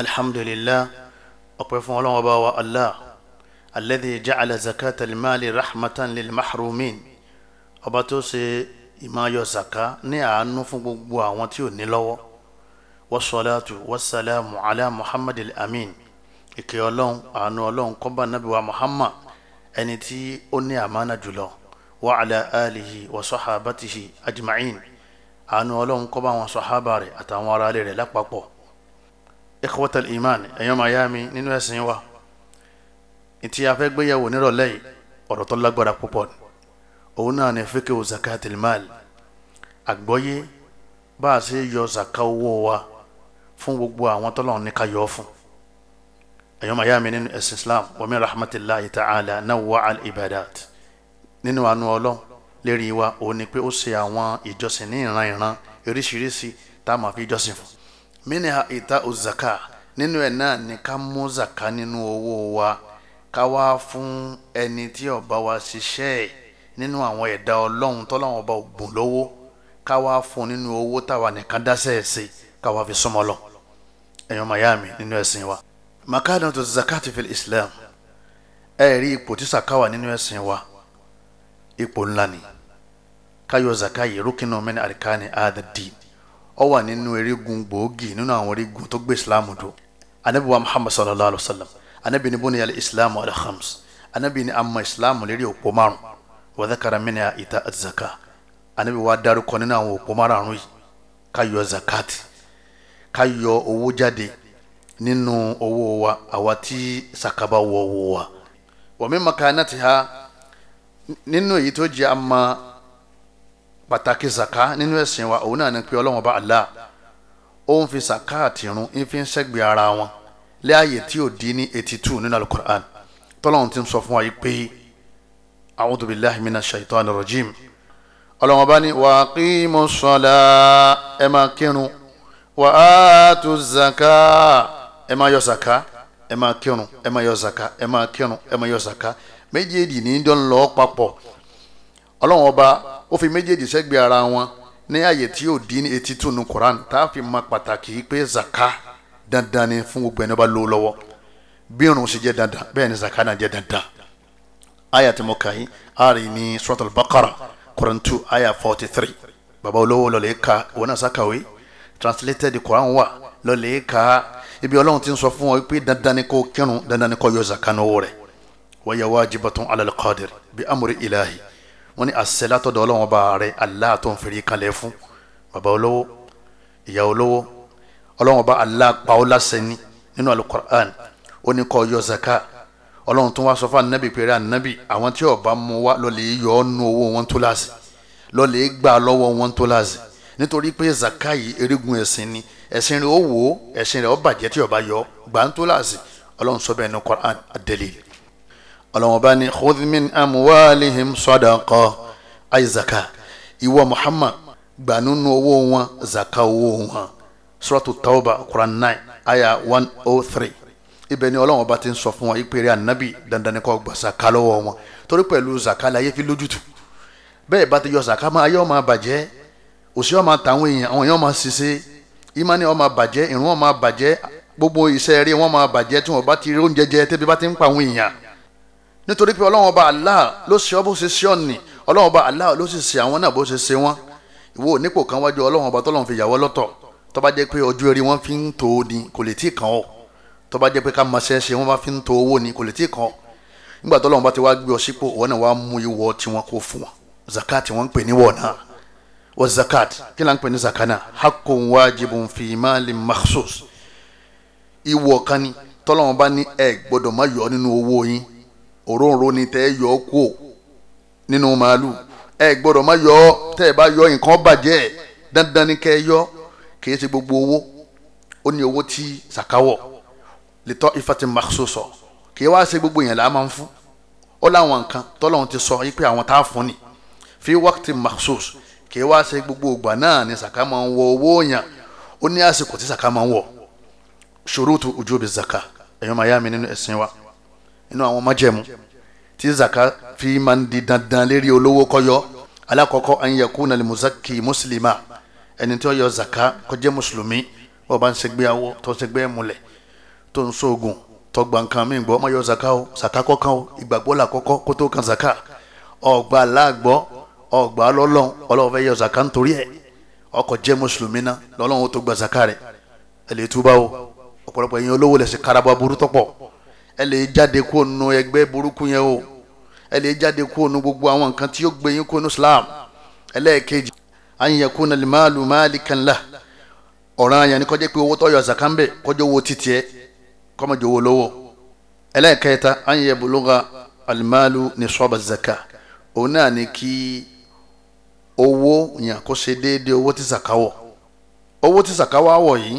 alhamdulillah ọpẹ́ fún Ọlọ́run ọba wa allah alladhi ja'ala zakata al-mali rahmatan lil mahrumin ọba tó ṣe ìmáyọ zaka ní àánú fún gbogbo àwọn tí ò ní lọ́wọ́ wasalaatu wasalaamu ala muhammad al-amin ìkẹ́ Ọlọ́run àánú Ọlọ́run kọba nabi wa muhammad ẹni tí ó ní àmánà jùlọ wa alihi wa sahabatihi àánú Ọlọ́run kọba àwọn sahaba àtàwọn aráalé rẹ̀ lápapọ̀ ikhwatal iman ẹ̀yọ́ máa yá mi nínú ẹ̀sìn wa ìtì afẹ́ gbéyàwó nírọ̀lẹ́ yìí ọ̀rọ̀ tó lágbára púpọ̀ ni òun náà ni fíkẹ́ o zakat ilmal àgbọ́yé bá a ṣe yọ zaka owó wa fún gbogbo àwọn tọ́lọ́run ní ká yọ fún ẹ̀yọ́ máa yá mi nínú ẹ̀sìn islam wa min rahmatillahi ta'ala nawwa al ibadat nínú àánú ọlọ́run lérí wa òun ni pé ó ṣe àwọn ìjọsìn ní ìran ìran oríṣiríṣi tá a máa fi jọ́sìn fún mini ha ita ozaka nínú ẹ̀ náà ni ká mú zaka nínú owó wa ká wá fún ẹni tí ó bá wa ṣiṣẹ́ ẹ̀ nínú àwọn ẹ̀dá ọlọ́run tọ́lọ́run ọba ògùn lówó ká wá fún nínú owó táwa nìkan dáṣẹ́ ẹ̀ sí ká wá fi súnmọ́ lọ ẹ̀yọ́ mayami nínú ẹ̀sìn wa makana to zakati fil islam ẹ rí ipò tí saka wà nínú ẹ̀sìn wa ipò ńlá ni ká yọ zaka yìí rúkìnnà mẹ́ni àríkà ó wà nínú erigun gbòógì nínú àwọn erigun tó gbé islam dùn anabi wa muhammad sallallahu alaihi wa sallam anabi ni bóni yàrá islam ala khams anabi ni ama islam lérí òpó márùn wa ni minha ita azaka anabi wa dárúkọ nínú àwọn òpó márùn yìí ká yọ zakati ká yọ owó jáde nínú owó wa àwa tí sakaba wọ owó wa wa min makanatiha nínú èyí tó jẹ́ ama pàtàkì zaka nínú ẹ̀sìn wa òun náà ni pé ọlọ́run bá Allah ó ń fi zaka àti irun ń fi ń ṣẹ́gbẹ́ ara wọn láàyè tí ò dín ní eighty two nínú alukur'an tọ́lọ́run ti ń sọ fún wa yìí pé a'udhu billahi minash shaitani rajim ọlọ́run bá ní waqimu sala ẹ máa kírun wa atu zaka ẹ máa yọ zaka ẹ máa kírun ẹ máa yọ zaka ẹ máa kírun ẹ máa yọ zaka méjèèjì ní dọ́nlọ́ọ́ papọ̀ ọlọ́run ọba ó fi méjèèjì sẹ́gbẹ̀ẹ́ ara wọn ní àyè tí yóò dín etí túnú Quran tá a fi mọ pàtàkì pé zaka dandan ni fún gbogbo ẹni bá lò lọ́wọ́ bí irun ṣe jẹ́ dandan bẹ́ẹ̀ ni zaka náà jẹ́ dandan aya tí mo kà yín ari ní suratul Baqara Quran two aya forty three baba olówó lọ́lẹ̀ ka òun náà sàkàwé translated Quran wà lọ́lẹ̀ ka ibi ọlọ́run ti sọ fún ọ pé dandan ni kò kírun dandan ni kò yọ zaka náà wọ̀ wọ́n yẹ wajibatun ala al-qadir bi amri ilahi wọ́n ní àṣẹ látọ̀dọ̀ ọlọ́wọ́n bá rẹ Allah tó ń fèrè kalẹ̀ fún bàbá olówó ìyá olówó ọlọ́wọ́n bá Allah pa ọ́ láṣẹ ní nínú alukur'an ó ní kó yọ zaka ọlọ́run tó wá sọ fún anabi pèrè anabi àwọn tí ó bá mú wá lọ́ọ́ lè yọ ọ́ nu owó wọn tó láṣẹ lọ́ọ́ gbà lọ́wọ́ wọn tó láṣẹ nítorí pé zaka yìí erigun ẹ̀sìn ni ẹ̀sìn rẹ̀ ó wò ẹ̀sìn rẹ̀ ó bàjẹ́ tí ó yọ gbà ń tó láṣẹ ọlọ́run sọ bẹ́ẹ̀ ní ọlọ́wọ́n bá ní khudmin amuwalihim sadaqa ayi zaka ìwọ muhammad gbà nínú owó wọn zaka owó wọn suratu tauba quran nine aya one oh three ibẹ̀ ni ọlọ́wọ́n bá ti ń sọ fún wọn ìpèrè ànábì dandan ni kó gbà zaka lọ́wọ́ wọn torí pẹ̀lú zaka la yẹ fi lójútu bẹ́ẹ̀ bá ti yọ zaka máa ayé ọmọ abàjẹ́ òsì ọmọ àtàwọn èèyàn àwọn èèyàn ọmọ ṣiṣe ìmánì ọmọ abàjẹ́ ìrún ọmọ abàjẹ́ gbogbo iṣẹ́ rí wọn ọmọ abàjẹ́ tí wọn bá ti rí oúnjẹ jẹ tẹ́bi bá ti ń pa àwọn èèyàn nítorí pé ọlọ́run ọba Allah ló ṣe ọ́ bó ṣe ṣe ọ́ ọlọ́run ọba Allah ló sì ṣe àwọn náà bó ṣe ṣe wọ́n ìwọ onípò kan wájú ọlọ́run ọba tọ́lọ́run fi yàwọ́ lọ́tọ̀ tó bá jẹ́ pé ojú eré wọn fi ń to ni kò lè tí ì kàn ọ́ tó bá jẹ́ pé ká máa ṣe wọn bá fi ń to owó ni kò lè tí kàn ọ́ nígbà tọ́lọ́run bá ti wá gbé ọ sípò wọn náà wá mú ìwọ tiwọn kó fún zakat wọn ń pè ní wọ̀nà wọ́n zakat kí la ń zakana hakun wajibun fi malin makhsus ìwọ kan ni tọ́lọ́run bá ní ẹ gbọ́dọ̀ má òróǹro ni tẹ́ yọ ọ́ kú nínú màálù ẹ gbọ́dọ̀ má yọ ọ́ tẹ́ ẹ bá yọ nǹkan bàjẹ́ dandan ni kẹ́ ẹ yọ kìí ṣe gbogbo owó ó ní owó tí sàkáwọ̀ lè tọ́ ifáàtì màkṣó sọ kìí wá ṣe gbogbo yẹn là á ń fún ó láwọn nǹkan tọ́lọ́run ti sọ yí àwọn tá a fún ni fi wákìtì màkṣó kìí wá ṣe gbogbo ògbà náà ni sàká máa ń wọ owó yẹn ó ní àsìkò tí sàká máa ń wọ ṣòro tu ojú obì zaka ẹ̀yọ́ màyá mi nínú ẹ̀sìn wa inú àwọn májẹ̀mú tí zaka fi máa ń di dandan lérí olówó kọyọ alákọ̀ọ́kọ́ an yakuna li muzakki muslima ẹni tí ó yọ zaka kó jẹ́ mùsùlùmí wọ́n bá ń ṣègbè awọ tó ń ṣègbè múlẹ̀ tó ń ṣoògùn tó gba nǹkan mi gbọ́ ọmọ yọ zaka o zaka kọ́kan o ìgbàgbọ́ là kọ́kọ́ kó tó kan zaka ọ̀gbà aláàgbọ́ ọ̀gbà lọ́lọ́n ọlọ́run fẹ́ yọ zaka nítorí ẹ̀ ọkọ̀ jẹ́ mùsùlùmí ná lọ́lọ́run ó tó gba zaka rẹ̀ ẹ̀ lè túbà o ọ̀pọ̀lọpọ̀ ẹ̀yin olówó lẹ̀ karaba burú tọ́pọ̀ ẹ lè jáde kó nu ẹgbẹ́ burúkú yẹn o ẹ lè jáde kó nu gbogbo àwọn nǹkan tí yóò gbé yín kó Islam ẹlẹ́ẹ̀kejì àyìnyẹ̀kú nàlẹ́ máàlù máàlì kanla ọ̀ràn àyàn ni kó jẹ́ pé owó tọ́yọ̀ zakambe kó jẹ́ owó títì ẹ kó má jẹ́ owó lówó ẹlẹ́ẹ̀kẹta àyìnyẹ̀ bùlùgà alimáàlù ní sọ́ọ̀bà zaka òun náà ni kí owó yàn kó ṣe déédéé owó tí zakawọ̀ owó tí zakawọ̀ wọ̀ yìí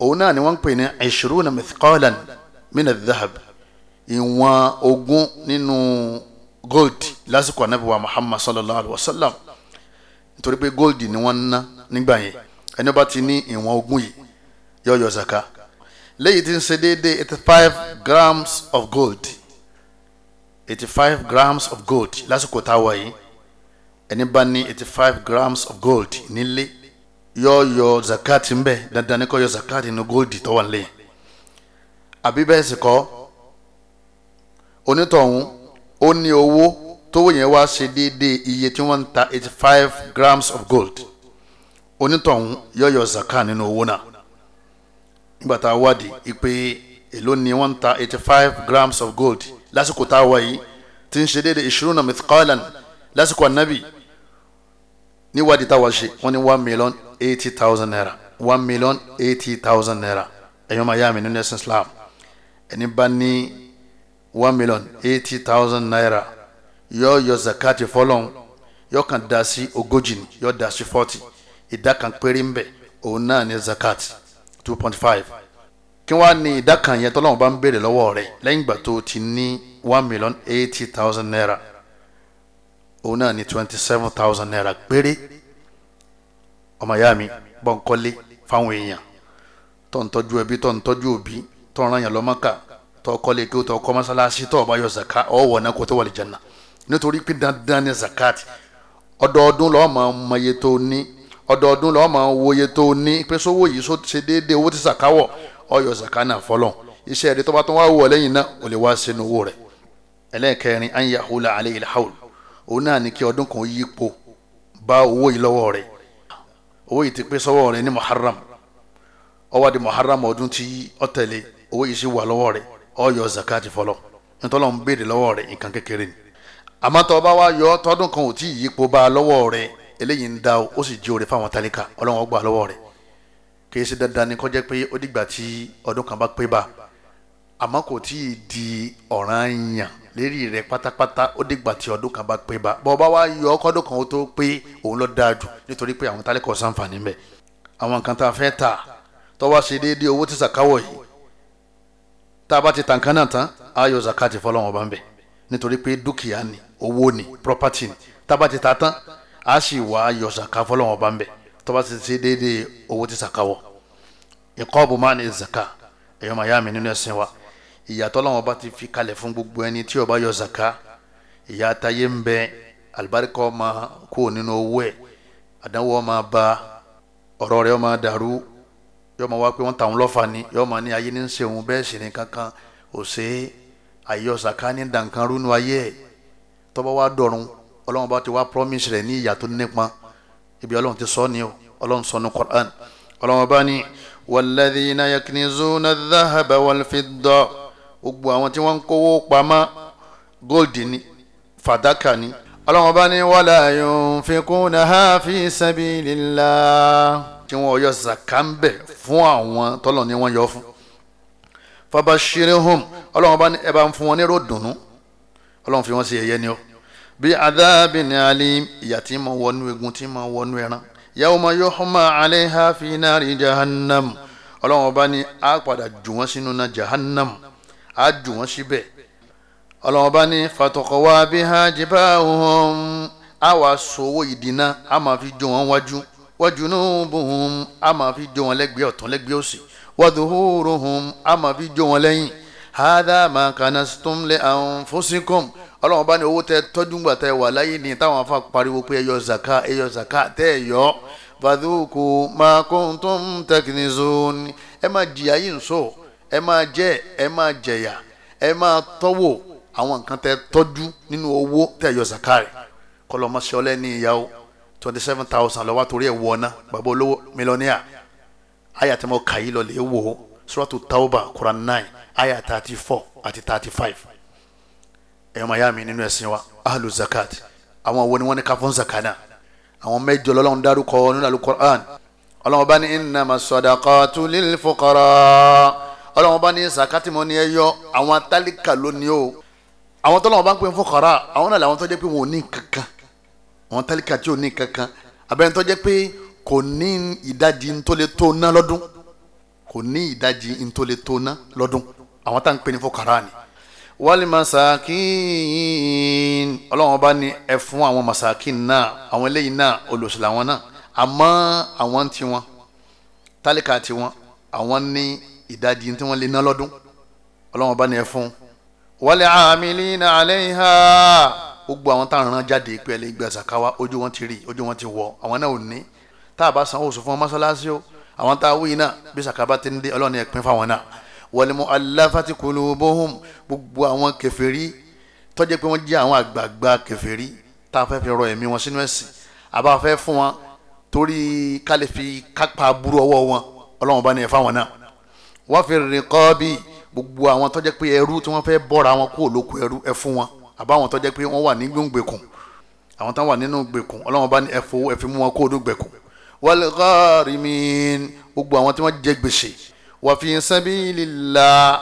òun náà ni wọ́n ń pè ní ishiruna mithqalan mina dhahab ìwọ̀n ogún nínú gold lásìkò anabi wa muhammad sallallahu alaihi wa sallam nítorí pé gold ni wọ́n ná nígbà yẹn ẹni bá ti ní ìwọ̀n ogún yìí yóò yọ zaka léyìí tí ń ṣe déédéé eighty five grams of gold eighty five grams of gold lásìkò táwa yìí ẹni bá ní eighty five grams of gold nílé yóò yọ zakati ń bẹ dandan ni kó yọ zakati nínú gold tó wà nílé yẹn àbí bẹ́ẹ̀ sì kọ́ onítọ̀hún ó ní owó tówó yẹn wá ṣe déédéé iye tí wọ́n ń ta eighty five grams of gold onítọ̀hún yọ̀yọ̀ zaka nínú owó náà nígbà tá a wádìí ipe èló ni wọ́n ń ta eighty five grams of gold lásìkò tá a wá yìí tí ń ṣe déédéé ìṣúná mithqalan lásìkò ànábì níwádìí táwa ṣe wọ́n ní one million eighty thousand naira one million eighty thousand naira ẹ̀yọ́n máa yá mi nínú ẹ̀sìn Islam ẹni bá ní one million eighty thousand naira yóò yọ zakati fọlọ́n yóò kàn dá sí ogójì ni yóò dá sí forty ìdá kan péré ń bẹ òun náà ní zakati two point five kí wàá ní ìdá kan yẹn tọ́lọ́wọ́n bá ń béèrè lọ́wọ́ rẹ̀ lẹ́yìn ìgbà tó ti ní one million eighty thousand naira òun náà ní twenty seven thousand naira péré ọmọ ìyá mi bọ́ńkọ́lé fáwọn èèyàn tó ẹbí tó òbí tọ́ran yàn lọ́mọ́kà tọ́kọ́ lè kí o tọ́kọ́ mọ́sálásí tọ́ọ̀bá yọ zaka ọ̀wọ̀ náà kó tó wọlé jẹ́nà nítorí pé dandan ni zakat ọdọọdún lọ́ọ́ máa mọye tó ní ọdọọdún lọ́ọ́ máa wòye tó ní pé sówó yìí só ṣe déédéé owó tí zaka wọ̀ ọyọ zaka náà fọlọ́n iṣẹ́ rẹ̀ tó bá tó wá wọ̀ lẹ́yìn náà ò lè wá sínú owó rẹ̀ ẹlẹ́ẹ̀kẹrin an yahula alayhi alhaul òun náà ní kí ọdún kan yípo bá owó yìí lọ́wọ́ rẹ̀ owó yìí ti pé sọ́wọ́ rẹ̀ ní muharram ó muharram ọdún tí ó tẹ̀lé owó yìí sì wà lọ́wọ́ rẹ̀ ó zakati fọlọ́ nítorí ń béèrè lọ́wọ́ rẹ̀ nǹkan kékeré ni àmọ́ tó bá wá yọ tọdún kan ò tí ì yípo bá a lọ́wọ́ rẹ̀ eléyìí ń da o ó sì jí fáwọn tálíkà gbà lọ́wọ́ rẹ̀ kì í ni jẹ́ pé ó dìgbà tí ọdún kan bá pé di lérí rẹ̀ pátápátá ó dìgbà tí ọdún kan bá pé bá bá wá yọ tá a bá ti tàn kan náà tán a yọ zakati fọlọ́wọn ọba ń bẹ̀ nítorí pé dúkìá ni owó ni property ni tá a bá ti ta tán a sì wá yọ zaka fọlọ́wọn ọba ń bẹ̀ tó bá ti ṣe déédéé owó ti zakawọ ìkọ́ọ̀bù máa ní zaka ẹ̀yọ́ màá yá mi nínú ẹ̀sìn wa ìyàtọ̀ lọ́wọ́ bá ti fi kalẹ̀ fún gbogbo ẹni tí ó bá yọ zaka ìyá atayé ń bẹ alibarika ọmọ kúrò nínú owó ẹ̀ àdánwò ọmọ bá ọ̀rọ̀ rẹ̀ ọmọ dàrú yóò máa wá pé wọ́n ta òun lọ́fà ni yóò máa ní ayé ní ń ṣe òun bẹ́ẹ̀ sì ni kankan ò ṣe é àyọ̀sà ká ní dànkan rúnú ayé ẹ̀ tọ́ba wá dọ̀run ọlọ́run bá ti wá promise rẹ̀ ní ìyà tó nípa ibi ọlọ́run ti sọ ni o ọlọ́run sọ ní Qur'an ọlọ́run bá ní walladhina yaknizuna dhahaba walfidda gbogbo àwọn tí wọ́n kówó pamọ́ gold ni fàdákà ni ọlọ́run bá ní wala yunfikuna ha fi sabilillah tí wọ́n yọ zaka ń bẹ̀ fún àwọn tọ́lọ̀ ni wọ́n yọ fún fabashirihum ọlọ́run bá ní ẹ bá ń fún wọn ní ròdùnú ọlọ́run fi wọ́n sí ẹ̀yẹ ni ó bí adáàbìn alim ìyà tí mo wọnú egun tí mo wọnú ẹran yawma yuhma alayha fi nari jahannam ọlọ́run bá ní a padà jù wọ́n sínú náà jahannam a jù wọ́n síbẹ̀ ọlọ́run bá ní fataqwa biha jibahum a wàá sọ owó ìdínà a máa fi jó wọn wájú. wa junubuhum a máa fi jó wọn lẹ́gbẹ̀ẹ́ ọ̀tún lẹ́gbẹ̀ẹ́ òsì wa dhuhuruhum a máa fi jó wọn lẹ́yìn hadha ma kanastum li anfusikum ọlọ́run bá ní owó tẹ tọ́jú gbà tẹ wà láyé ni táwọn afa pariwo pé ẹyọ zaka ẹyọ zaka tẹ ẹ yọ fadhuku ma kuntum taknizun ẹ máa jìyà yìí ń sọ ẹ máa jẹ ẹ máa jẹyà ẹ máa tọ́wò àwọn nǹkan tẹ tọ́jú nínú owó tẹ ẹyọ zaka rẹ kọlọmọṣọlẹ ní ìyàwó twenty seven thousand lọ́wọ́ àtòrí ẹ̀ wọ̀ ná bàbá olówó mílíọ̀nìyà àyà tí mo kà yí lọ lè wò ó suratu tauba quran nine àyà thirty four àti thirty five ẹ̀yọ́ màá yá mi nínú ẹ̀sìn wa ahlu zakat àwọn wo ni wọ́n ní ká fún zakana àwọn mẹ́jọ lọ́lọ́run dárúkọ nínú alukur'an ọlọ́run bá ní innama sadaqatu lil fuqara ọlọ́run bá ní zakati mo ní ẹ yọ àwọn atálíkà lónìí o àwọn tọ́lọ́run bá ń pè fún fuqara àwọn náà làwọn tó pé wọn ò ní kankan àwọn tálíkà tí ò ní kankan abẹ́rẹ́ tó jẹ́ pé kò ní ìdajì ntólè tó ná lọ́dún kò ní ìdajì ntólè tó ná lọ́dún àwọn tá à pè ní fọkàrà ni. wálé masakin ọlọ́wọ́n bá ní ẹ fún àwọn masakin náà àwọn eléyìí náà olùsùlà wọn náà àmọ́ àwọn tiwọn tálíkà tiwọn àwọn ní ìdajì tí wọ́n lè ná lọ́dún ọlọ́wọ́n bá ní ẹ fún amilina alayha gbogbo àwọn táwọn rán jáde pé ẹ lè gba zakawa ojú wọn ti rí ojú wọn ti wọ àwọn náà ò ní tá a bá san oṣù fún mọ́sálásí o àwọn tá a wí náà bí zakaba ti ń dé ọlọ́run ní ẹ̀pin fáwọn náà wal mu'allafati qulubuhum gbogbo àwọn kèfèrí tó jẹ́ pé wọ́n jẹ́ àwọn àgbààgbà kèfèrí tá a fẹ́ fi rọ ẹ̀mí wọn sínú ẹ̀sìn àbá fẹ́ fún wọn torí kálí fi kápá burú ọwọ́ wọn ọlọ́run àbáwọn tó jẹ́ pé wọ́n wà ní gbẹ̀kùn àwọn tó wà nínú gbẹ̀kùn ọlọ́wọ́n bá ní ẹ fowó ẹ fi mú wọn kó odó gbẹ̀kùn wal gharimin gbogbo àwọn tí wọ́n jẹ gbèsè wa fi sabilillah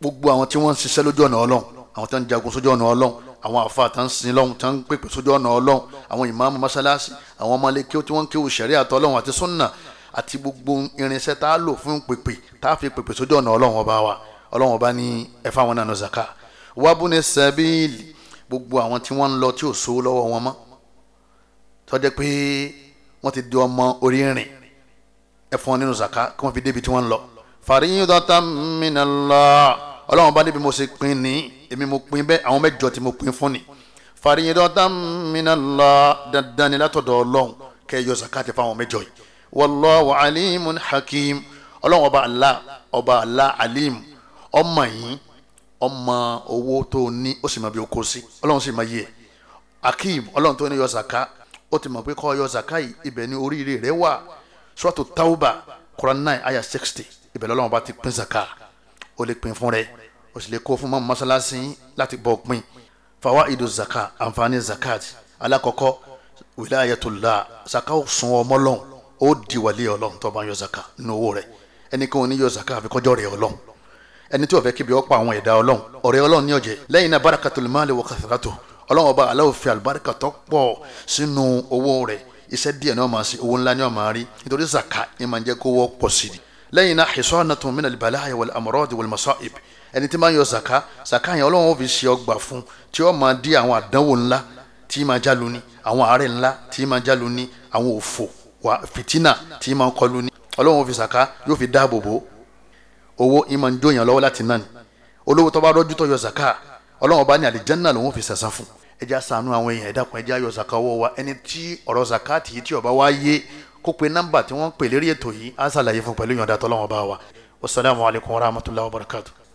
gbogbo àwọn tí wọ́n ń ṣiṣẹ́ lójú ọ̀nà ọlọ́run àwọn tó ń jagun sójú ọ̀nà ọlọ́run àwọn àfa àtàn sin lọ́hùn tán ń pèpè sójú ọ̀nà ọlọ́run àwọn ìmáàmù mọ́ṣáláṣí àwọn ọmọlé kí ó tí wọ́n ń kéwù sẹ̀rí àtọ́ ọlọ́run àti súnà àti gbogbo irinṣẹ́ tá a lò fún pèpè tá a fi pèpè sójú ọ̀nà ọlọ́run ọba wa ọlọ́run ọba ní ẹ̀fọ́ àwọn náà nọ zaka wabune sabili gbogbo àwọn tí wọ́n ń lọ tí ò sówó lọ́wọ́ wọn mọ́ tọ́jẹ́ pé wọ́n ti di ọmọ orí rìn ẹ̀fọn nínú zaka kí wọ́n fi débi tí wọ́n ń lọ. fariyidatan minallah ọlọ́run bá níbi mo ṣe pin ní èmi mo pin bẹ́ẹ̀ àwọn mẹ́jọ tí mo pin fún ni. fariyidatan minallah dandan ni látọ̀dọ̀ ọlọ́run kẹ́ zaka ti fáwọn mẹ́jọ yìí. wallahu alimun hakim ọlọ́run ọba Allah ọba Allah alim ọmọ yìí ọmọ owó tó ní ó sì mọ bí o kó sí ọlọ́run sì mọ iye akeem ọlọ́run tó ní yọ zaka ó ti mọ̀ pé kọ́ yọ zaka yìí ibẹ̀ ni oríire rẹ wà suratu tauba Quran nine aya sixty ibẹ̀ lọ́lọ́run bá ti pín zaka ó lè pín fún rẹ ó sì lè kó fún mọ́mú mọ́sálásí láti bọ́ pín fawaidu zaka àǹfààní zakat alákọ̀ọ́kọ́ wilayatullah zaka ó sun ọmọ lọ́hùn ó di wàlẹ́ ọlọ́run tó bá yọ nínú owó rẹ ẹnikẹ́ni ò àfikọ́jọ́ rẹ ọlọ́run ẹni tí ó fẹ́ kébi ọ̀pọ̀ àwọn ẹ̀dá ọlọ́run ọ̀rẹ́ ọlọ́run ní ọ̀jẹ̀ lẹ́yìn náà barakatul mali wa kathratu ọlọ́run ọba aláwọ̀ fi àlùbáríkà tó pọ̀ sínú owó rẹ̀ iṣẹ́ díẹ̀ ni ó máa owó ńlá ni ó máa nítorí zaka ni máa ń jẹ́ kó wọ́ pọ̀ sí i lẹ́yìn náà hisanatun minal balaya wal amrad wal masa'ib ẹni tí zaka zaka yẹn ọlọ́run ó fi ṣe ọgbà fún tí ó máa dí àwọn àdánwò ńlá tí máa jálu ni àwọn àárẹ̀ zaka yóò fi dáàbò bò owó ìmọ̀ ń jóyàn lọ́wọ́ láti náà ni olówó tó bá rọ́jú tó yọ zaka ọlọ́wọ́n bá ní àlìjánná lòun fi sẹ̀sán fún ẹja ṣàánú àwọn èèyàn ẹ̀dá kan ẹja yọ zaka ọwọ́ wa ẹni tí ọ̀rọ̀ zaka tìyí tí ọba wa yé kó pe nọ́mbà tí wọ́n ń pè lérí ètò yìí á ṣàlàyé fún pẹ̀lú ìyọ̀ǹda tọ́lọ́wọ́n bá wa wasalaamualeykum wa rahmatulahi wa barakatuh.